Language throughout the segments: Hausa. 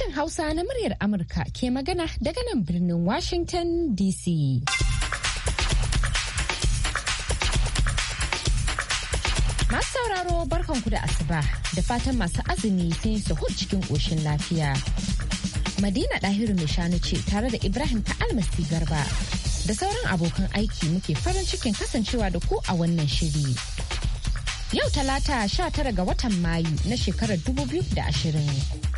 Sashen Hausa na muryar Amurka ke magana daga nan birnin Washington DC. Masu sauraro barkanku da asuba da fatan masu azumi sun yi sahur cikin ƙoshin lafiya. Madina Ɗahiru mai shanu ce tare da Ibrahim ta Almasi Garba da sauran abokan aiki muke farin cikin kasancewa da ku a wannan shiri. Yau talata 19 ga watan Mayu na shekarar 2020.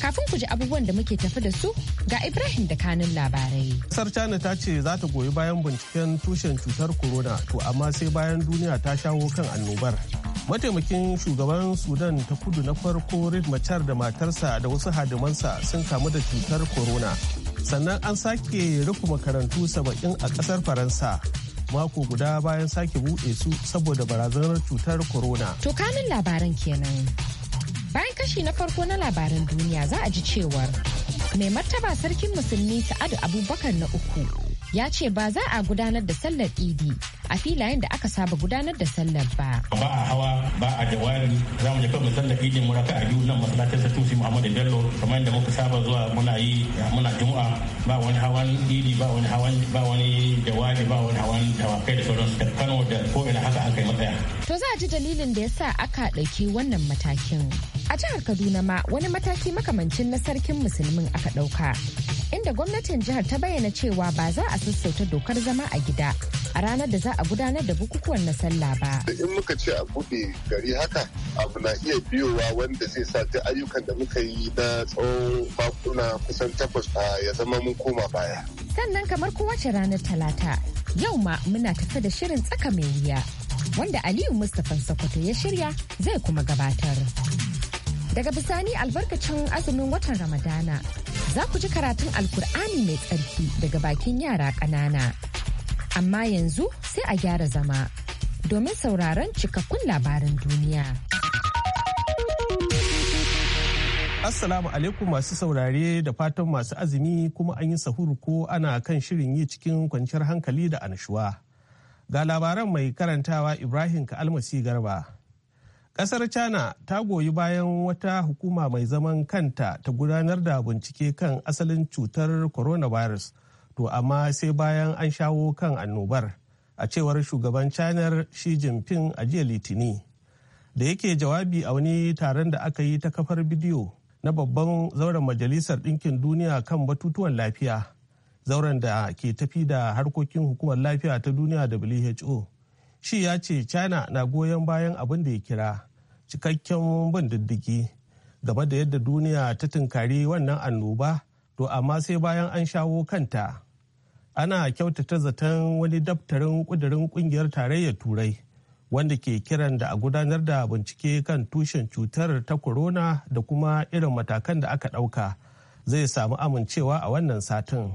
Kafin ku ji abubuwan da muke tafi da su ga Ibrahim da kanun labarai. Kasar China ta ce za ta goyi bayan binciken tushen cutar corona to amma sai bayan duniya ta shawo kan annobar. Mataimakin shugaban Sudan ta kudu na farko Rid Machar da matarsa da wasu hadimansa sun kamu da cutar corona. Sannan an sake rufe makarantu saba'in a kasar Faransa. mako guda bayan sake buɗe su saboda barazanar cutar corona. To kanin labaran kenan. Bayan kashi na farko na labaran duniya za a ji cewar mai martaba sarkin musulmi Sa'adu Abubakar na uku ya ce ba za a gudanar da sallar idi a filayen da aka saba gudanar da sallar ba. Ba a hawa ba a jawabi za mu je kan sallar idin mu a biyu nan masallacin Satusi Muhammadu Bello kamar yadda muka saba zuwa muna yi muna Juma'a ba wani hawan idi ba wani hawan ba wani jawabi ba wani hawan dawakai da sauransu da Kano da ko ina haka an kai matsaya. To za a ji dalilin da ya sa aka ɗauki wannan matakin. A jihar Kaduna ma wani mataki makamancin na sarkin musulmin aka ɗauka. Inda gwamnatin jihar ta bayyana cewa ba za a sassauta dokar zama a gida a ranar da za a gudanar da bukukuwan na sallah ba. Da In muka ce a bude gari haka abu na iya biyowa wanda zai sa duk ayyukan da muka yi na tsawon bakuna kusan takwas a ya zama mun koma baya. Sannan kamar kowace ranar talata yau ma muna tafi da shirin tsaka mai wuya wanda Aliyu Mustapha Sokoto ya shirya zai kuma gabatar. Daga bisani albarkacin azumin watan Ramadana za ku ji karatun Alkur'ani mai tsarki daga bakin yara ƙanana. Amma yanzu sai a gyara zama domin sauraron cikakkun labaran duniya. Assalamu alaikum masu saurare da fatan masu azumi kuma an yi sahuru ko ana kan shirin yi cikin kwanciyar hankali da anashuwa. Ga labaran mai karantawa Ibrahim ka'almasi Garba. Kasar China ta goyi bayan wata hukuma mai zaman kanta ta gudanar da bincike kan asalin cutar coronavirus to amma sai bayan an shawo kan annobar a cewar shugaban china shi jinping a jiya litini da yake jawabi a wani taron da aka yi ta kafar bidiyo na babban zauren majalisar ɗinkin duniya kan batutuwan lafiya zauren da ke tafi da harkokin hukumar lafiya ta duniya who shi ya ce china na goyon bayan abin da ya kira cikakken bin diddigi game da yadda duniya ta tunkari wannan annoba to amma sai bayan an shawo kanta ana kyautata zaton wani daftarin kudirin kungiyar tarayyar turai wanda ke kiran da a gudanar da bincike kan tushen cutar ta corona da kuma irin matakan da aka ɗauka zai samu amincewa a wannan satin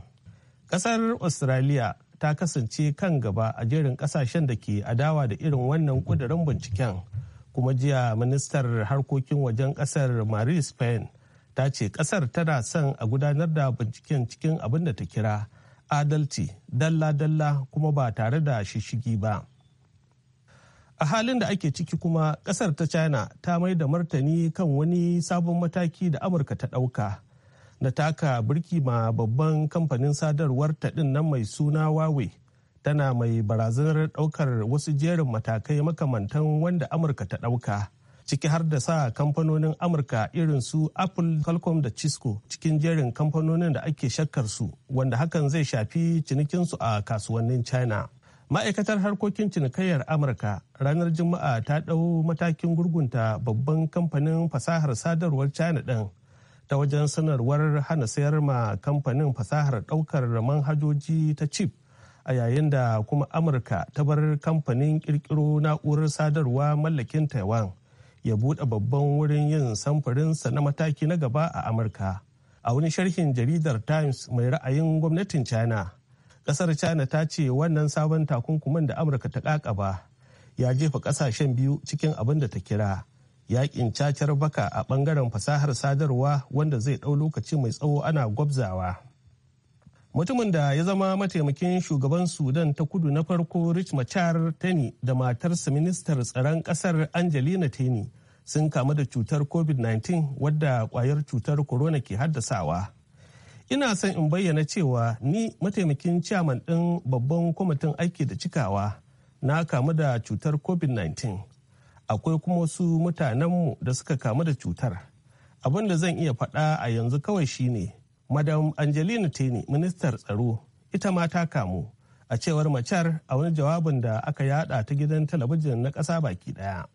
ƙasar australia ta kasance kan gaba a jerin ƙasashen da ke adawa da irin wannan kudirin binciken kuma jiya ministar harkokin wajen ƙasar marie spain ta ce ƙasar tana son a gudanar da binciken cikin abin da ta kira adalci dalla-dalla kuma ba tare da shishigi ba a halin da ake ciki kuma kasar ta china ta mai da martani kan wani sabon mataki da amurka ta ɗauka na taka birki ma babban kamfanin sadarwar taɗin nan mai suna huawei tana mai barazanar ɗaukar wasu jerin matakai makamantan wanda amurka ta ɗauka ciki har da sa kamfanonin amurka irin su apple qualcomm da cisco cikin jerin kamfanonin da ake shakkar su wanda hakan zai shafi cinikinsu a kasuwannin china ma'aikatar harkokin cinikayyar amurka ranar juma'a ta ɗau matakin gurgunta babban kamfanin fasahar sadarwar china ɗin ta wajen sanarwar hana sayar ma kamfanin fasahar ɗaukar manhajoji ta chip a yayin da kuma amurka ta bar kamfanin kirkiro na'urar sadarwa mallakin taiwan ya buɗe babban wurin yin samfurinsa na mataki na gaba a amurka a wani sharhin jaridar times mai ra'ayin gwamnatin china kasar china ta ce wannan sabon takunkuman da amurka ta kakaba ya jefa ƙasashen biyu cikin abin da ta kira Yaƙin cacar baka a bangaren fasahar sadarwa wanda zai ɗau lokaci mai tsawo ana gwabzawa mutumin da ya zama mataimakin shugaban sudan ta kudu na farko rich machar tani da matarsa ministar tsaron kasar angelina tani sun kamu da cutar covid-19 wadda kwayar cutar corona ke haddasawa ina son in bayyana cewa ni mataimakin chairman ɗin babban kwamitin aiki da cikawa na kamu da cutar covid-19 akwai kuma wasu mutanenmu da suka kamu da cutar abin da zan iya faɗa a yanzu kawai shine madam angelina tini ministar tsaro ita ma ta kamu a cewar macar a wani jawabin da aka yada ta gidan talabijin na ƙasa baki ɗaya.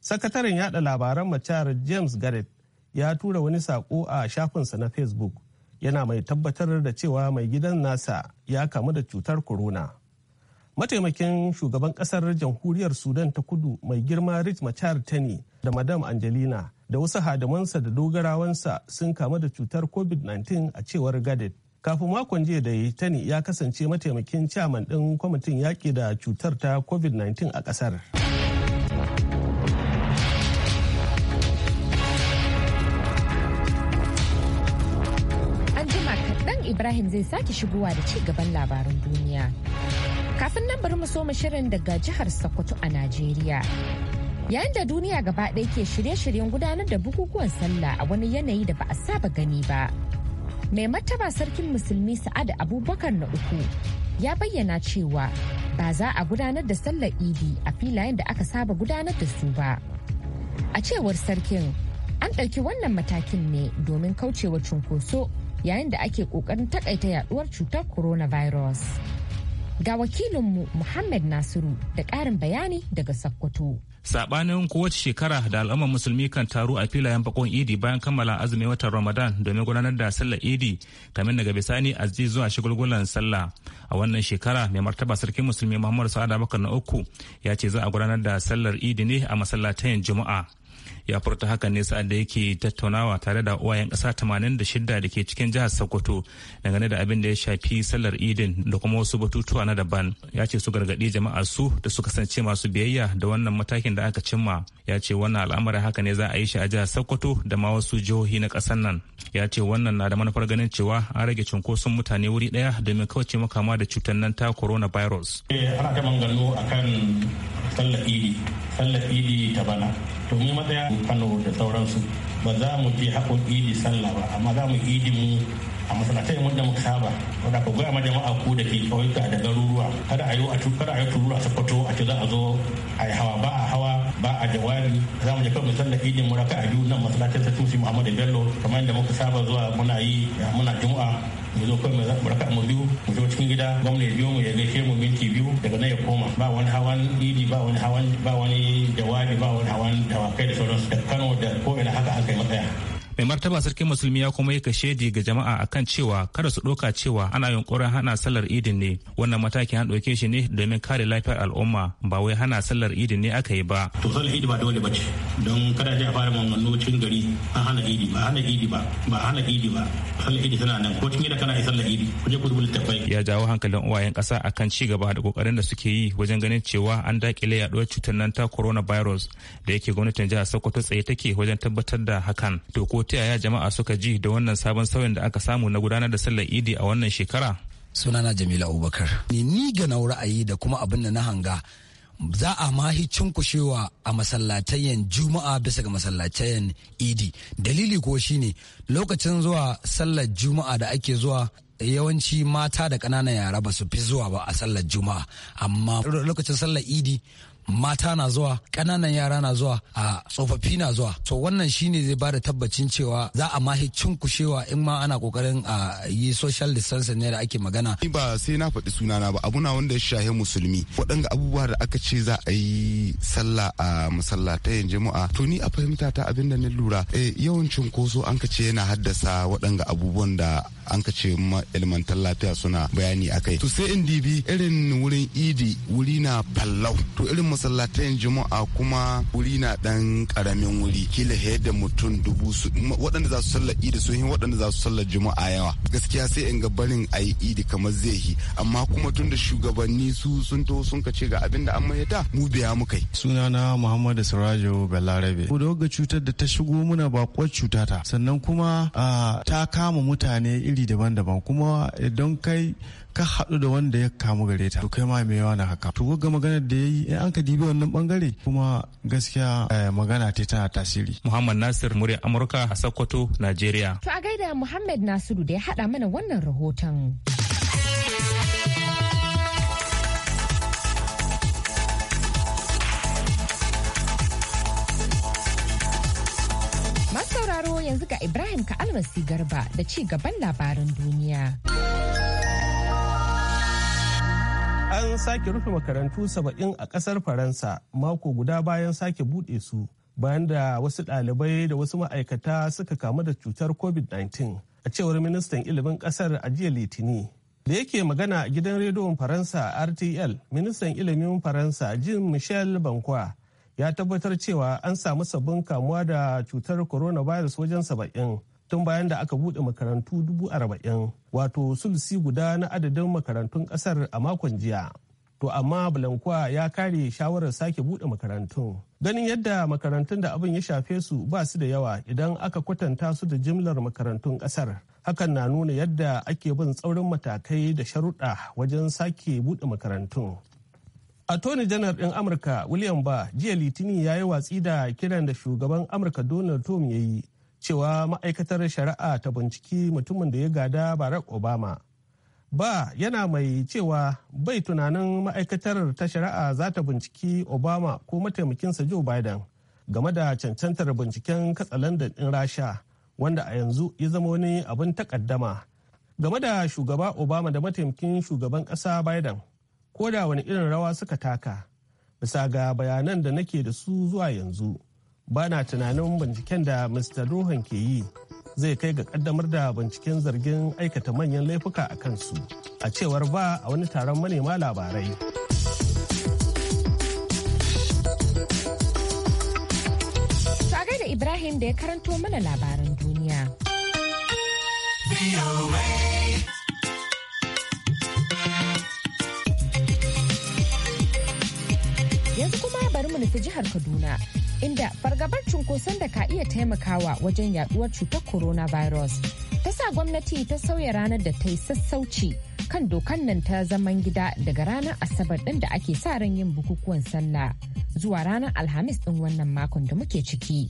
sakataren yada labaran macar james garrett ya tura wani sako a shafinsa na facebook yana mai tabbatar da cewa mai gidan nasa ya kamu da cutar corona mataimakin shugaban ƙasar jamhuriyar sudan ta kudu mai girma rich machar tani da madam angelina da wasu hadamansa da dogarawansa sun kamu da cutar covid-19 a cewar gadet kafin makon jiya da ya tani ya kasance mataimakin caman ɗin kwamitin yaƙi da cutar ta covid-19 a ƙasar an jima ibrahim zai sake shigowa da ci gaban labaran duniya kafin nan bari mu so mu shirin daga jihar sokoto a najeriya yayin da duniya gaba ɗaya ke shirye-shiryen gudanar da bukukuwan sallah a wani yanayi da ba a saba gani ba mai martaba sarkin musulmi sa'ad abubakar na uku ya bayyana cewa ba za a gudanar da sallar idi a filayen da aka saba gudanar da su ba a cewar sarkin an ɗauki wannan matakin ne domin kaucewa cunkoso yayin da ake ƙoƙarin taƙaita yaɗuwar cutar coronavirus ga wakilinmu muhammad nasiru da ƙarin bayani daga sokoto sabanin kowace shekara da al'ummar musulmi kan taru a filayen bakon idi bayan kammala azumin watan ramadan domin gudanar da sallar idi kamin daga bisani azzi zuwa shigulgulan sallah a wannan shekara mai martaba sarkin musulmi muhammadu sa'ad abubakar na uku ya ce za a gudanar da sallar idi ne a masallatayin juma'a ya furta haka ne sa'ad da yake tattaunawa tare da uwayen kasa 86 da ke cikin jihar Sokoto dangane da abin da ya shafi sallar Idin da kuma wasu batutuwa na daban. Ya ce su gargadi jama'a su da su kasance masu biyayya da wannan matakin da aka cimma. Ya ce wannan al'amari haka ne za a yi shi a jihar Sokoto da ma wasu jihohi na kasar nan. Ya ce wannan na da manufar ganin cewa an rage cunkoson mutane wuri daya domin kauce makama da cutar nan ta coronavirus. Eh, ana akan sallar Idi sallar idi ta bana to mu matsaya kano da sauransu ba za mu je haƙon idi sallah ba amma za mu idi mu a masalatai da muka saba wanda ka goya ma jama'a ku da ke kauyuka da garuruwa kada a a tukar a yi tururu a sakkwato a ce za a zo a yi hawa ba a hawa ba a jawabi za mu je kan misalla idin mu raka a biyu nan masalatai sai musu Muhammad Bello kamar yadda muka saba zuwa muna yi muna juma'a mu zo kawai mu raka mu biyu mu zo cikin gida gwamna ya biyo mu ya gaishe mu minti biyu daga nan ya koma ba wani hawan idi ba wani hawan ba wani jawabi ba wani hawan dawakai da sauransu da Kano da ko ina haka an kai matsaya mai martaba sarkin musulmi ya kuma yi kashedi ga jama'a akan cewa kada su ɗauka cewa ana yunkurin hana sallar idin ne wannan matakin an ɗauke shi ne domin kare lafiyar al'umma ba wai hana sallar idin ne aka yi ba. to sallar idi ba dole ba ce don kada a fara maganganu cikin gari an hana idi ba hana idi ba ba hana idi ba sallar idi tana nan ko cikin gida kana yi sallar idi je ku rubuta tafai ya jawo hankalin uwayen ƙasa akan ci gaba da ƙoƙarin da suke yi wajen ganin cewa an daƙile yaɗuwar cutar nan ta coronavirus da yake gwamnatin jihar sokoto tsaye take wajen tabbatar da hakan to ta yaya jama'a suka ji da wannan sabon sauyin da aka samu na gudanar da sallar idi a wannan shekara sunana jamila abubakar ni ga na ra'ayi da kuma abin da na hanga za a mahi cunkushewa a masallatayen juma'a bisa ga masallatayen idi dalili ko shine lokacin zuwa sallar juma'a da ake zuwa yawanci mata da ƙananan yara ba su fi zuwa ba a sallar juma'a amma lokacin sallar idi mata na zuwa ƙananan yara na zuwa a tsofaffi na zuwa so wannan shine zai bada tabbacin cewa za a mahi cinkushewa in ma ana kokarin a yi social distancing ne da ake magana ni ba sai na faɗi sunana ba abuna wanda ya shahe musulmi waɗanga abubuwa da aka ce za a yi sallah a masallatayin jama'a to ni a fahimta ta abin da na lura eh, yawan cinkoso an ka ce yana haddasa waɗanga abubuwan da an ka ce ilmantar lafiya suna bayani akai to sai in dibi irin wurin idi wuri na fallau to irin masallatan juma'a kuma wuri na dan karamin wuri kila da mutum dubu su waɗanda za su sallar idi su yi waɗanda za su sallar juma'a yawa gaskiya sai in ga barin a yi idi kamar zai yi amma kuma tun da shugabanni su sun to sun kace ga abin da an mahita mu biya mu kai sunana muhammadu sirajo balarabe ko da cutar da ta shigo muna bakuwar cuta ta sannan kuma ah, ta kama mutane iri daban-daban kuma idan kai ka haɗu da wanda ya kamu gare ta to kai ma mai yawa na haka to ga maganar da yayi in an ka dibi wannan bangare kuma gaskiya eh, magana ta tana tasiri Muhammad Nasir murya Amurka a Sokoto Najeriya to a gaida Muhammad Nasiru da ya haɗa mana wannan rahoton Masauraro yanzu ga Ibrahim ka Ka'almasi Garba da ci gaban labaran duniya. An sake rufe makarantu saba'in a ƙasar Faransa mako guda bayan sake buɗe su bayan da wasu ɗalibai da wasu ma'aikata suka kamu da cutar COVID-19 a cewar ministan ilimin ƙasar a jiya Litini. Da yake magana a gidan rediyon Faransa RTL, ministan ilimin Faransa Jean Michel Bankwa ya tabbatar cewa an samu sabbin kamuwa da cutar coronavirus wajen saba'in. tun bayan da aka buɗe makarantu dubu arba'in wato sulusi guda na adadin makarantun ƙasar a makon jiya to amma Blankwa ya kare shawarar sake buɗe makarantun ganin yadda makarantun da abin ya shafe su ba su da yawa idan aka kwatanta su da jimlar makarantun ƙasar hakan na nuna yadda ake bin tsaurin matakai da sharuɗa wajen sake buɗe makarantun attorney janar ɗin amurka william ba jiya litinin ya yi watsi da kiran da shugaban amurka donald trump ya yi cewa ma'aikatar shari'a ta binciki mutumin da ya gada barack obama ba yana mai cewa bai tunanin ma'aikatar ta shari'a za ta binciki obama ko mataimakinsa joe biden game da cancantar binciken katsalandan in rasha wanda a yanzu ya zama wani abin takaddama game da shugaba obama da mataimakin shugaban ƙasa biden ko da wani irin rawa suka taka bisa ga bayanan da nake da su zuwa yanzu Bana tunanin binciken da mr rohan ke yi zai kai ga kaddamar da binciken zargin aikata manyan laifuka a kansu a cewar ba a wani taron manema labarai da ibrahim da ya karanto mana labaran duniya yanzu kuma bari mu nufi jihar kaduna inda fargabar cunkoson da ka iya taimakawa wajen yaduwar cutar coronavirus ta sa gwamnati ta sauya ranar da ta yi sassauci kan dokan nan ta zaman gida daga ranar asabar din da ake sa ran yin bukukuwan sallah zuwa ranar alhamis din wannan makon da muke ciki.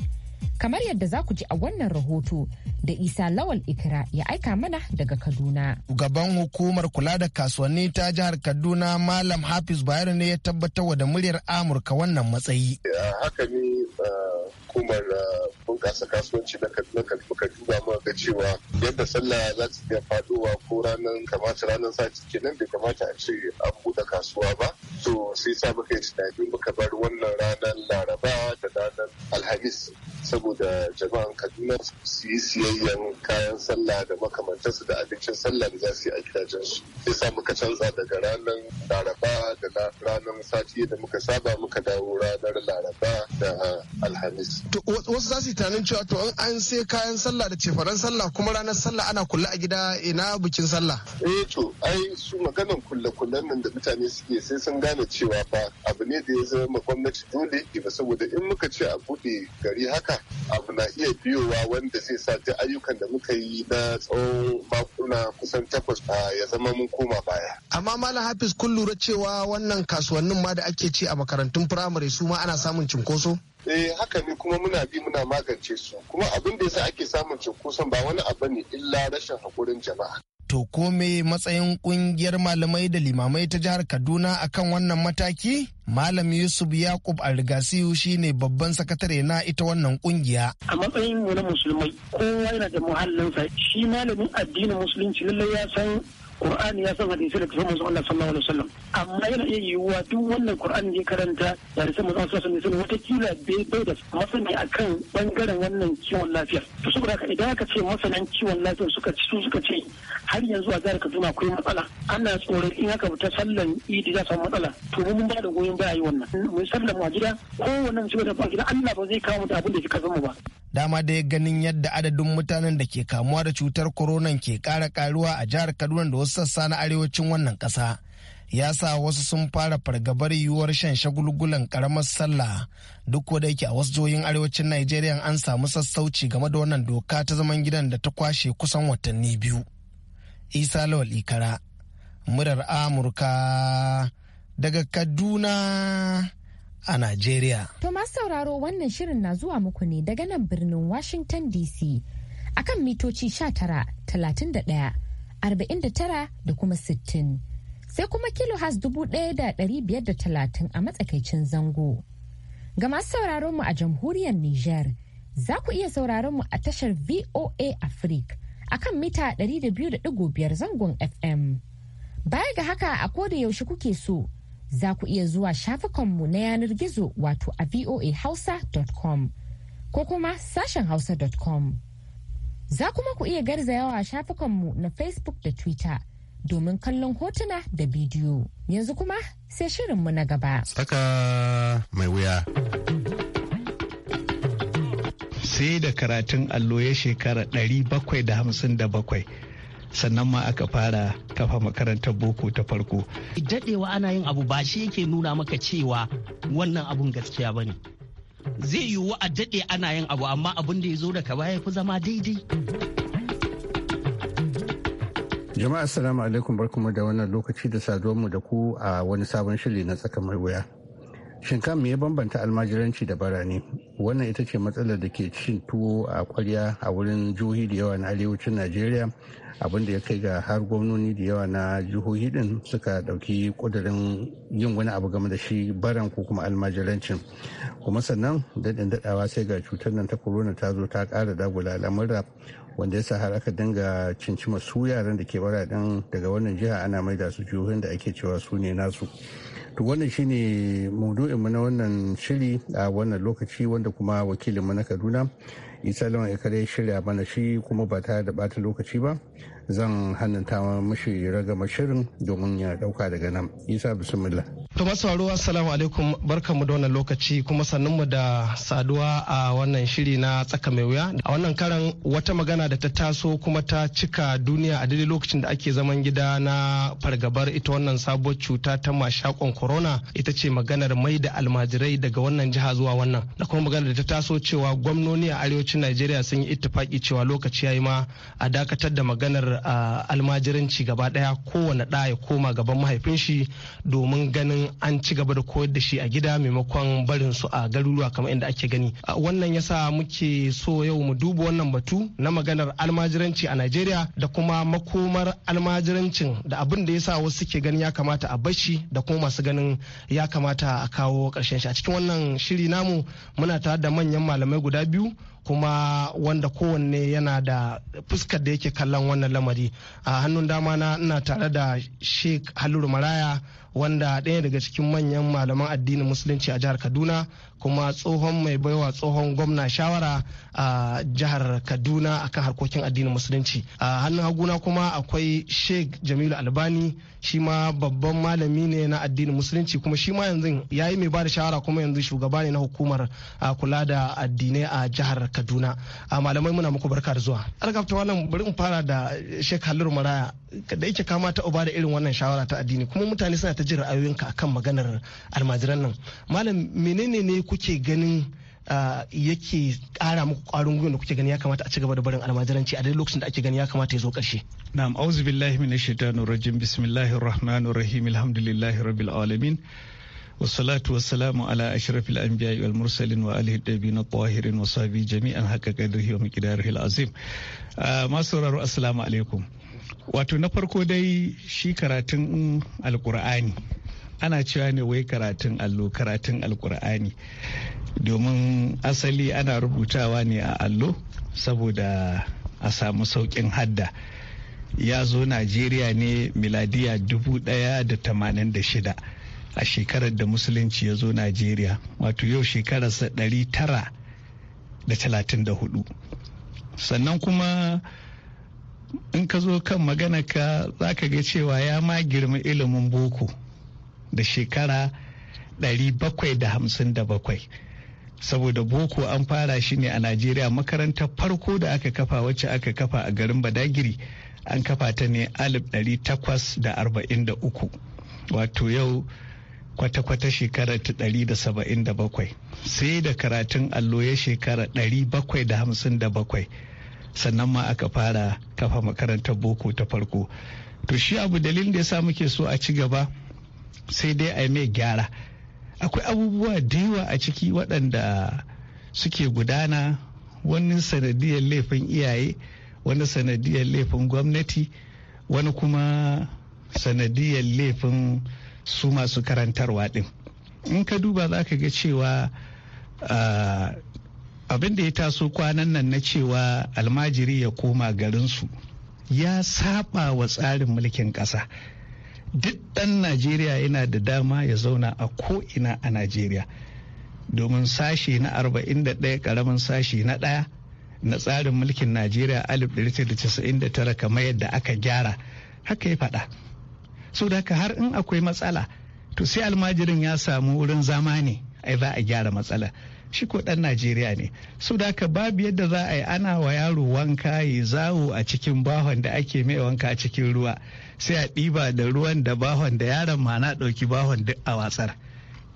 kamar yadda za ku ji a wannan rahoto da isa lawal ikira ya aika mana daga kaduna gaban hukumar kula da kasuwanni ta jihar kaduna malam hafiz bayero ne ya tabbatar da muryar amurka wannan matsayi haka ne ah, hukumar eh, bunƙasa kasuwanci na kaduna muka duba muka ga cewa yadda sallah za ta iya faduwa ko ranar kamata ranar sati kenan bai kamata a ce an buɗe kasuwa ba to sai sa muka yi tunani muka bar wannan ranar laraba da ranar alhamis saboda jama'an kaduna su yi siyayyan kayan sallah da makamantarsu da abincin sallah da za su yi a gidajensu sai sa muka canza daga ranar laraba da ranar sati da muka saba muka dawo ranar laraba da eh, alhamis to wasu za su yi tunanin cewa to an sai kayan sallah da cefaren sallah kuma ranar sallah ana kula a gida ina bikin sallah eh to ai su maganan kulle kullen nan da mutane suke sai sun gane cewa ba abu ne da ya zama gwamnati dole ba saboda in muka ce a buɗe gari haka abu na iya biyowa wanda zai sa duk ayyukan da muka yi na tsawon makuna kusan takwas ya zama mun koma baya amma malam hafiz kun lura cewa wannan kasuwannin ma da ake ci a makarantun firamare su ma ana samun cinkoso eh haka ne kuma muna bi muna magance su kuma abin da yasa ake samun cunkoson ba wani abu ne illa rashin hakurin jama'a to ko me matsayin kungiyar malamai da limamai ta jihar Kaduna akan wannan mataki Malam Yusuf Yakub shi shine babban sakatare na ita wannan kungiya. A matsayin mu na musulmai kowa yana da muhallinsa shi malamin addinin musulunci lallai ya san Qur'ani ya san hadisi da kusan manzon Allah sallallahu alaihi wasallam amma yana iya yiwuwa duk wannan Qur'ani ya karanta da hadisin manzon Allah sallallahu alaihi wasallam wata kila bai bai da masani akan bangaren wannan kiwon lafiya to su haka idan aka ce masanan kiwon lafiya suka ci su suka ce har yanzu a jihar Kaduna akwai matsala ana tsoron in aka fita sallan Idi za samu matsala to mun ba da goyon baya yi wannan mun sallan mu a gida kowanne mu shiga da gida Allah ba zai kawo mu da abin da kika zama ba dama dai ganin yadda adadin mutanen da ke kamuwa da cutar koronan ke kara karuwa a jihar Kaduna da wasu sassa na arewacin wannan ƙasa ya sa wasu sun fara fargabar yiwuwar shan shagulgulan karamar sallah duk da yake a wasu arewacin nigeria an samu sassauci game da wannan doka ta zaman gidan da ta kwashe kusan watanni biyu. Isa Lawal Ikara, murar Amurka daga Kaduna a nigeria. To masu sauraro wannan shirin na zuwa muku ne daga nan birnin Washington DC akan mitoci 19, 31 49 da kuma 60. Sai kuma has 1,530 a matsakaicin zango. Ga masu sauraron mu a jamhuriyar Nijar, za ku iya sauraron mu a tashar VOA Africa a kan mita 200.5 zangon FM. Baya ga haka a koda yaushe kuke so, za ku iya zuwa shafukanmu na yanar gizo wato a voahausa.com ko kuma sashen hausa.com. Za kuma ku iya garzayawa shafukanmu na Facebook da Twitter domin kallon hotuna da bidiyo. Yanzu kuma sai shirinmu na gaba. Tsaka mai wuya. Sai da karatun allo ya shekara 757 sannan ma aka fara kafa makarantar boko ta farko. Daɗewa ana yin abu ba shi yake nuna maka cewa wannan abun gaskiya ba ne. zai yiwu a daɗe ana yin abu amma abin da ya zo daga baya fi zama daidai jama'a assalamu alaikum barkamu da wannan lokaci da saduwar mu da ku a wani sabon shiri na tsakamar mai wuya Shinkan me ya bambanta almajiranci da barani? Wannan ita ce matsalar da ke cin tuwo a kwarya a wurin jihohi da yawa na arewacin Najeriya abin da ya kai ga har gwamnoni da yawa na jihohi din suka dauki kudurin yin wani abu game da shi baran ko kuma almajirancin. Kuma sannan daɗin daɗawa sai ga cutar nan ta corona ta zo ta ƙara dagula lamura wanda ya sa har aka dinga cincima su yaran da ke baradin daga wannan jiha ana maida su jihohin da ake cewa su ne nasu. to wannan shine mu na wannan shiri a wannan lokaci wanda kuma wakilinmu na kaduna isa lawan ya kare shirya mana shi kuma ba tare da bata lokaci ba zan hannunta mashi ragama shirin domin ya dauka daga nan isa bismillah to masu waro assalamu alaikum barkamu da wannan lokaci kuma mu da saduwa a wannan shiri na tsaka mai wuya a wannan karan wata magana da ta taso kuma ta cika duniya a daidai lokacin da ake zaman gida na fargabar ita wannan sabuwar cuta ta mashakon corona ita ce maganar mai da almajirai daga wannan jiha zuwa wannan da kuma maganar da ta taso cewa gwamnoni a arewacin najeriya sun yi ittifaki cewa lokaci yayi ma a dakatar da maganar almajiranci gaba daya kowane ɗa ya koma gaban mahaifin shi domin ganin an ci gaba da koyar da shi a gida maimakon barin su a garuruwa kamar inda ake gani wannan yasa muke so yau mu duba wannan batu na maganar almajiranci a Najeriya da kuma makomar almajirancin da abin da yasa wasu suke ganin ya kamata a bashi da kuma masu ganin ya kamata a kawo karshen shi a cikin wannan shiri namu muna tare da manyan malamai guda biyu kuma wanda kowanne yana da fuskar da yake kallon wannan lamari a hannun dama na ina tare da sheik haluru maraya wanda ɗaya daga cikin manyan malaman addinin musulunci a jihar kaduna kuma tsohon mai baiwa tsohon gwamna shawara a jihar kaduna akan harkokin addinin musulunci a hannun haguna kuma akwai sheikh jamilu albani shi ma babban malami ne na addinin musulunci kuma shi ma yanzu ya yi mai ba da shawara kuma yanzu shugaba ne na hukumar kula da addinai a jihar kaduna malamai muna muku barka da zuwa alkafta wannan bari in fara da sheikh halil maraya da yake kama ta uba da irin wannan shawara ta addini kuma mutane suna ta jin ra'ayoyinka akan maganar almajiran nan malam menene ne kuke ganin yake kara muku kwarin gwiwa da kuke gani ya kamata a ci gaba da barin almajiranci a dai lokacin da ake gani ya kamata ya zo karshe na'am auzu billahi minash shaitanir rajim bismillahir rahmanir rahim alhamdulillahi rabbil alamin wasalatu wassalamu ala ashrafil anbiya'i wal mursalin wa alihi dabi na tahirin wa sabi jami'an haka kadrihi wa miqdarihi alazim masu sauraro assalamu alaikum wato na farko dai shi karatun alkur'ani ana cewa ne wai karatun allo karatun alkur'ani domin asali ana rubutawa ne a allo saboda a samu sauƙin hadda ya zo najeriya ne miladiya shida a shekarar da musulunci ya zo najeriya wato yau shekararsa 934 sannan kuma in ka zo kan magana ka za ka ga cewa ya ma girma ilimin boko da shekara 757 saboda boko an fara shi ne a najeriya makarantar farko da aka kafa wacce aka kafa a garin badagiri an kafa ta ne 1843 wato yau kwata-kwata shekarar ta 177 sai da karatun allo ya shekara 757 sannan ma aka fara kafa makarantar boko ta farko to shi abu dalilin da ya sa muke so a ci gaba sai dai a mai gyara akwai abubuwa da yawa a ciki waɗanda suke gudana wani sanadiyar laifin iyaye wani sanadiyar laifin gwamnati wani kuma sanadiyar laifin su masu karantarwa ɗin in ka duba za ka ga cewa ah, abin da ya taso kwanan nan na cewa almajiri ya koma garinsu ya saba wa tsarin mulkin ƙasa duk ɗan najeriya yana da dama ya zauna a ko'ina a najeriya domin sashi na 41 ƙaramin sashi na ɗaya na tsarin mulkin najeriya 1999 kamar yadda aka gyara haka ya faɗa so da haka har in akwai matsala to sai almajirin ya samu wurin zama ne ai za a gyara matsala shi ko dan najeriya ne so da haka babu yadda za a yi ana wa yaro wanka ya zawo a cikin bahon da ake mai wanka a cikin ruwa sai a ɗiba da ruwan da bahon da yaron ma na ɗauki bahon duk a watsar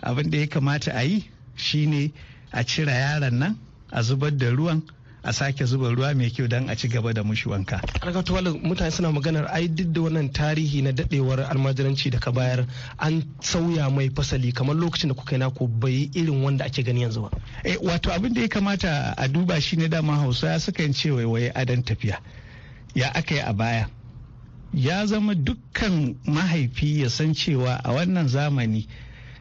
abin da ya kamata a yi shine a cire yaron nan a zubar da ruwan a sake zuba ruwa mai kyau don a ci gaba da mushi wanka. Alkatuwalin mutane suna maganar ai duk da wannan tarihi na dadewar almajiranci da ka bayar an sauya mai fasali kamar lokacin da kuka yi naku bai irin wanda ake gani yanzu ba. Eh, wato abin da ya kamata a duba shi ne dama hausa sukan ce waiwaye adon tafiya. Ya aka yi a baya. Ya zama dukkan mahaifi ya san cewa a wannan zamani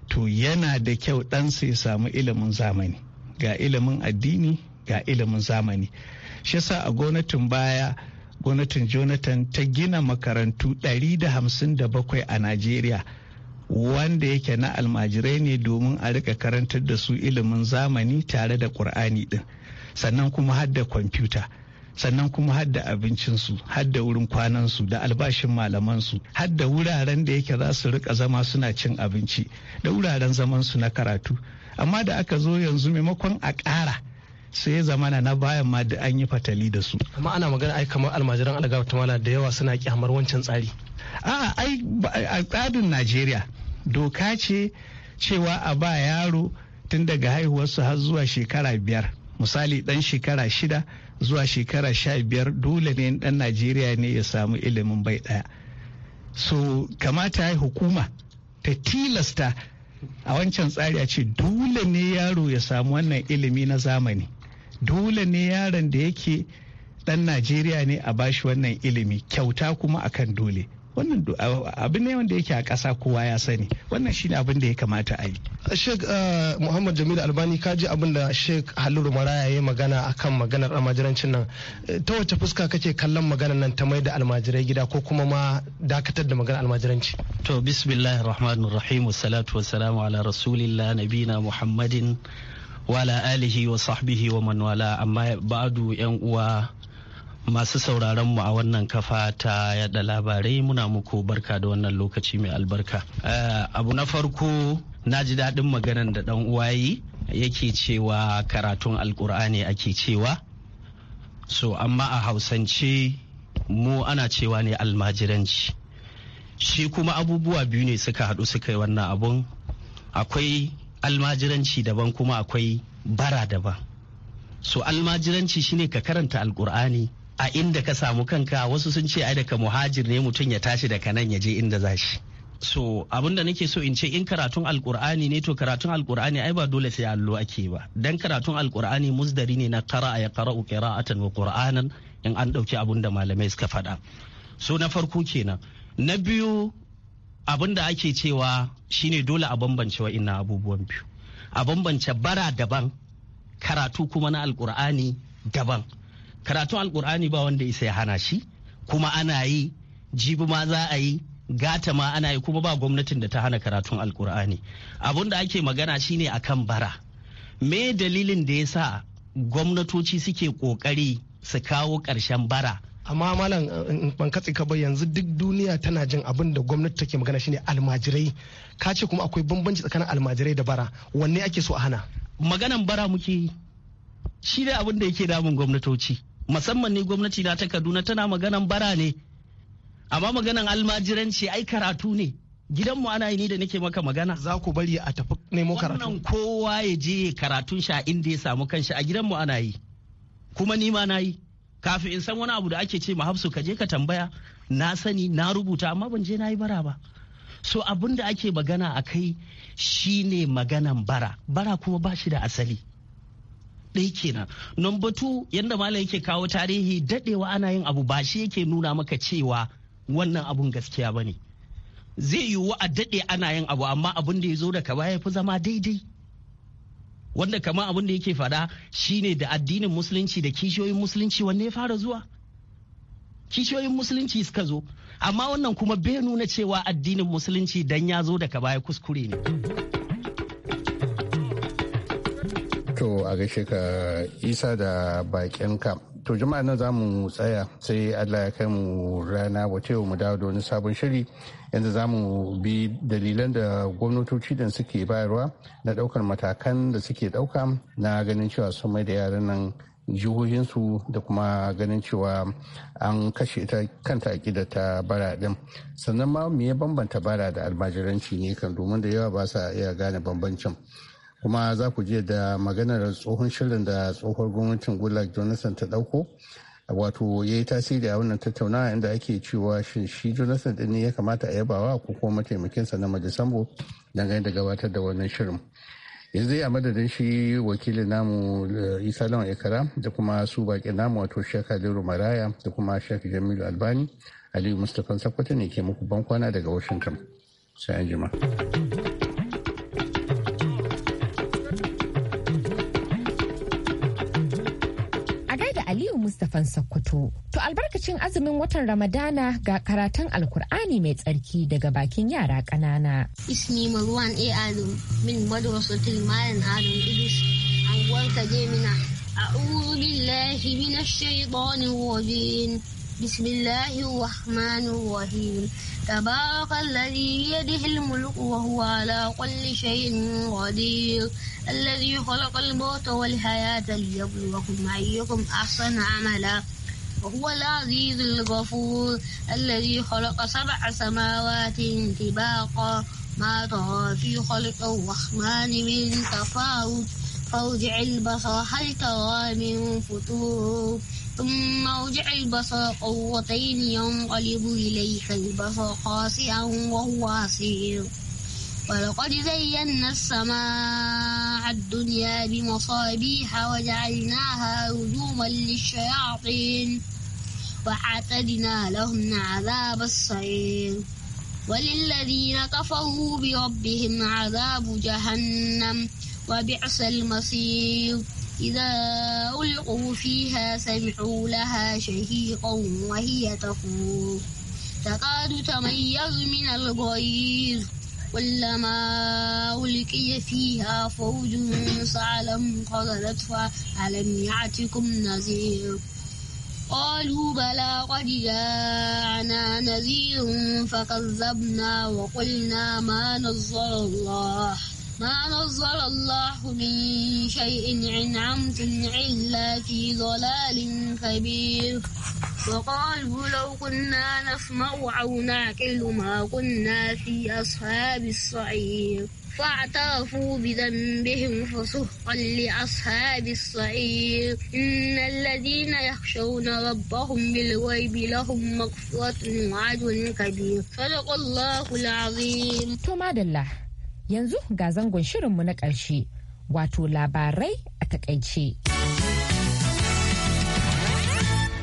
to yana da kyau ɗansa ya samu ilimin zamani. Ga ilimin addini, ga ilimin zamani shi sa a gwamnatin baya gwamnatin jonathan ta gina makarantu 157 a najeriya wanda yake na almajirai ne domin a rika karantar da su ilimin zamani tare da ƙur'ani din sannan kuma hadda kwamfuta sannan kuma hadda abincinsu hadda wurin kwanansu da albashin malamansu hadda wuraren da yake za su rika zama suna cin abinci da wuraren zamansu na karatu amma da aka zo yanzu maimakon a ƙara sai zamana na bayan ma da an yi fatali da su amma ana magana ai kamar almajiran algaba tamala da yawa suna kyamar wancan tsari a'a ai a tsadin najeriya doka ce cewa a ba yaro tun daga haihuwarsu har zuwa shekara biyar misali dan shekara shida zuwa shekara sha biyar dole ne dan najeriya ne ya samu ilimin bai daya so kamata ya hukuma ta tilasta a wancan tsari a ce dole ne yaro ya samu wannan ilimi na zamani dole ne yaron da yake dan najeriya ne a bashi wannan ilimi kyauta kuma akan dole wannan abin ne wanda yake a kasa kowa ya sani wannan shine abin da ya kamata a yi sheik uh, muhammad jamilu albani ka ji abin da sheik halilu maraya ya magana akan maganar almajirancin nan eh, ta wace fuska kake kallon maganar nan ta mai da almajirai gida ko kuma ma dakatar da maganar almajiranci to bismillahir rahmanir rahim wassalatu wassalamu ala rasulillah nabina muhammadin wala alihi wa sahbihi wa man wala amma ba'adu yan uwa masu sauraron mu a wannan kafa ta yada labarai muna muku barka da wannan lokaci mai albarka eh, abu na farko na ji daɗin maganan da ɗan uwa yi yake cewa karatun alkur'ani ake cewa so amma a hausance mu ana cewa ne almajiranci shi kuma abubuwa biyu ne suka haɗu suka yi wannan abun akwai almajiranci daban kuma akwai bara daban so almajiranci shine ka karanta alkur'ani a inda ka samu kanka wasu sun ce ai daga muhajir ne mutum ya tashi daga nan ya je inda za shi so abin da nake so in ce in karatun alkur'ani ne to karatun alkur'ani ai ba dole sai allo ake ba dan karatun alkur'ani musdari ne na qara'a ya qara'u qira'atan wa qur'anan in an ɗauki abun da malamai suka faɗa so na farko kenan na biyu abin da ake cewa shine dole a bambance wa'innan abubuwan biyu a bambance bara daban karatu kuma na alkur'ani daban karatun alkur'ani ba wanda isa ya hana shi kuma ana yi jibi ma za a yi gata ma ana yi kuma ba gwamnatin da ta hana karatun alkur'ani abun da ake magana shine akan bara me dalilin da ya sa gwamnatoci suke kokari su kawo karshen bara amma malam ban katse ka ba yanzu duk duniya tana jin abin da gwamnati take magana shine almajirai ka ce kuma akwai bambanci tsakanin almajirai da bara wanne ake so a hana maganan bara muke yi shi dai abin da yake damun gwamnatoci musamman ne gwamnati na ta Kaduna tana maganan bara ne amma maganan almajiranci ai karatu ne gidan mu ana yi ni da nake maka magana za ku bari a tafi nemo karatu wannan kowa ya je karatun shi a inda ya samu kanshi a gidan mu ana yi kuma ni ma na yi kafin in san wani abu da ake ce ma hafsu ka je ka tambaya na sani na rubuta amma ban je na yi bara ba so abin da ake magana a kai shine maganan bara bara kuma ba shi da asali ɗaya kenan number two yadda malam yake kawo tarihi daɗewa ana yin abu ba shi yake nuna maka cewa wannan abun gaskiya ba ne zai yiwu a daɗe ana yin abu amma abin da ya zo daga baya ya fi zama daidai wanda kama abin da yake faɗa shine da addinin musulunci da kishiyoyin musulunci wanne ya fara zuwa kishiyoyin musulunci suka zo amma wannan kuma bai nuna cewa addinin musulunci dan ya zo daga baya kuskure ne to a gaishe ka isa da baƙin ka To jama'a nan za mu tsaya sai Allah ya kai mu rana wace mu dawo da wani sabon shiri yanzu za mu bi dalilan da gwamnatoci da suke bayarwa na daukar matakan da suke dauka na ganin cewa sun mai da yaran nan jihohinsu da kuma ganin cewa an kashe ta kanta akida ta bara din sannan ma mu ya bambanta bara da almajiranci ne kan domin da yawa ba sa iya gane bambancin kuma za ku je da maganar tsohon shirin da tsohon gwamnatin goodluck jonathan ta dauko wato ya yi tasiri a wannan tattaunawa inda ake cewa shin shi jonathan din ne ya kamata a yabawa ko kuma mataimakinsa na majisambo dangane da gabatar da wannan shirin yanzu a madadin shi wakilin namu eh, isa lawan ikara da kuma su baƙin namu wato shek aliru maraya da kuma shek jamilu albani aliyu mustapha sakwata ne ke muku bankwana daga washington sai an jima. gefen Sokoto. To albarkacin azumin watan Ramadana ga karatun Alkur'ani mai tsarki daga bakin yara ƙanana. Ismi Marwan A. Adam min madrasatul Malam Adam Idris an warka Jemina. أعوذ بالله من الشيطان بسم الله الرحمن الرحيم تبارك الذي يده الملك وهو على كل شيء قدير الذي خلق الموت والحياة ليبلوكم أيكم أحسن عملا وهو العزيز الغفور الذي خلق سبع سماوات طباقا ما ترى في خلق الرحمن من تفاوت فارجع البصر هل ترى من فتور ثم ارجع البصر قوتين ينقلب إليك البصر خاسئا وهو عسير ولقد زينا السماء الدنيا بمصابيح وجعلناها رجوما للشياطين وأعتدنا لهم عذاب السعير وللذين كفروا بربهم عذاب جهنم وبعص المصير إذا ألقوا فيها سمعوا لها شهيقا وهي تفور تكاد تميز من الغيظ كلما ألقي فيها فوج سعلم قتلتها ألم يعتكم نذير قالوا بلى قد جاءنا نذير فكذبنا وقلنا ما نزل الله ما نزل الله من شيء إن عمت إلا في ضلال كبير وقالوا لو كنا نسمع أو نعقل ما كنا في أصحاب الصعير فاعترفوا بذنبهم فسحقا لأصحاب الصعير إن الذين يخشون ربهم بالغيب لهم مغفرة وعدل كبير صدق الله العظيم yanzu ga zangon shirinmu na ƙarshe wato labarai a takaice.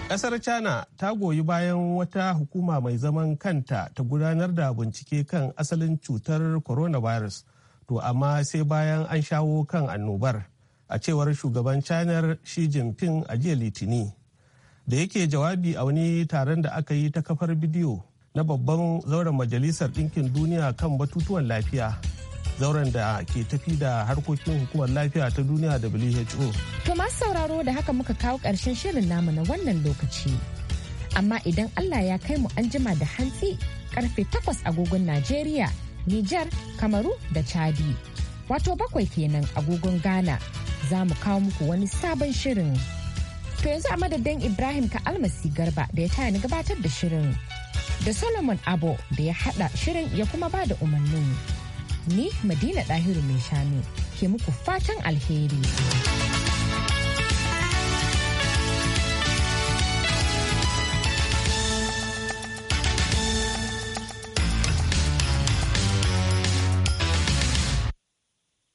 Ƙasar China ta goyi bayan wata hukuma mai zaman kanta ta gudanar da bincike kan asalin cutar coronavirus, to amma sai bayan an shawo kan annobar, a cewar shugaban China Xi Jinping a jiya Litini. Da yake jawabi a wani taron da aka yi ta kafar bidiyo na babban zauren Majalisar Ɗinkin Duniya kan batutuwan lafiya. zauren da ke tafi da harkokin hukumar lafiya ta duniya WHO. To masu sauraro da haka muka kawo ƙarshen shirin namu na wannan lokaci. Amma idan Allah ya kai mu an jima da hantsi karfe takwas agogon Najeriya, Nijar, Kamaru da Chadi. Wato bakwai kenan agogon Ghana za mu kawo muku wani sabon shirin. To yanzu a madadin Ibrahim ka almasi garba da ya taya ni gabatar da shirin. Da Solomon Abo da ya hada shirin ya kuma ba da umarnin. ni Madina Dahiru mai shanu ke muku fatan alheri.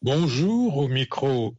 Bonjour au micro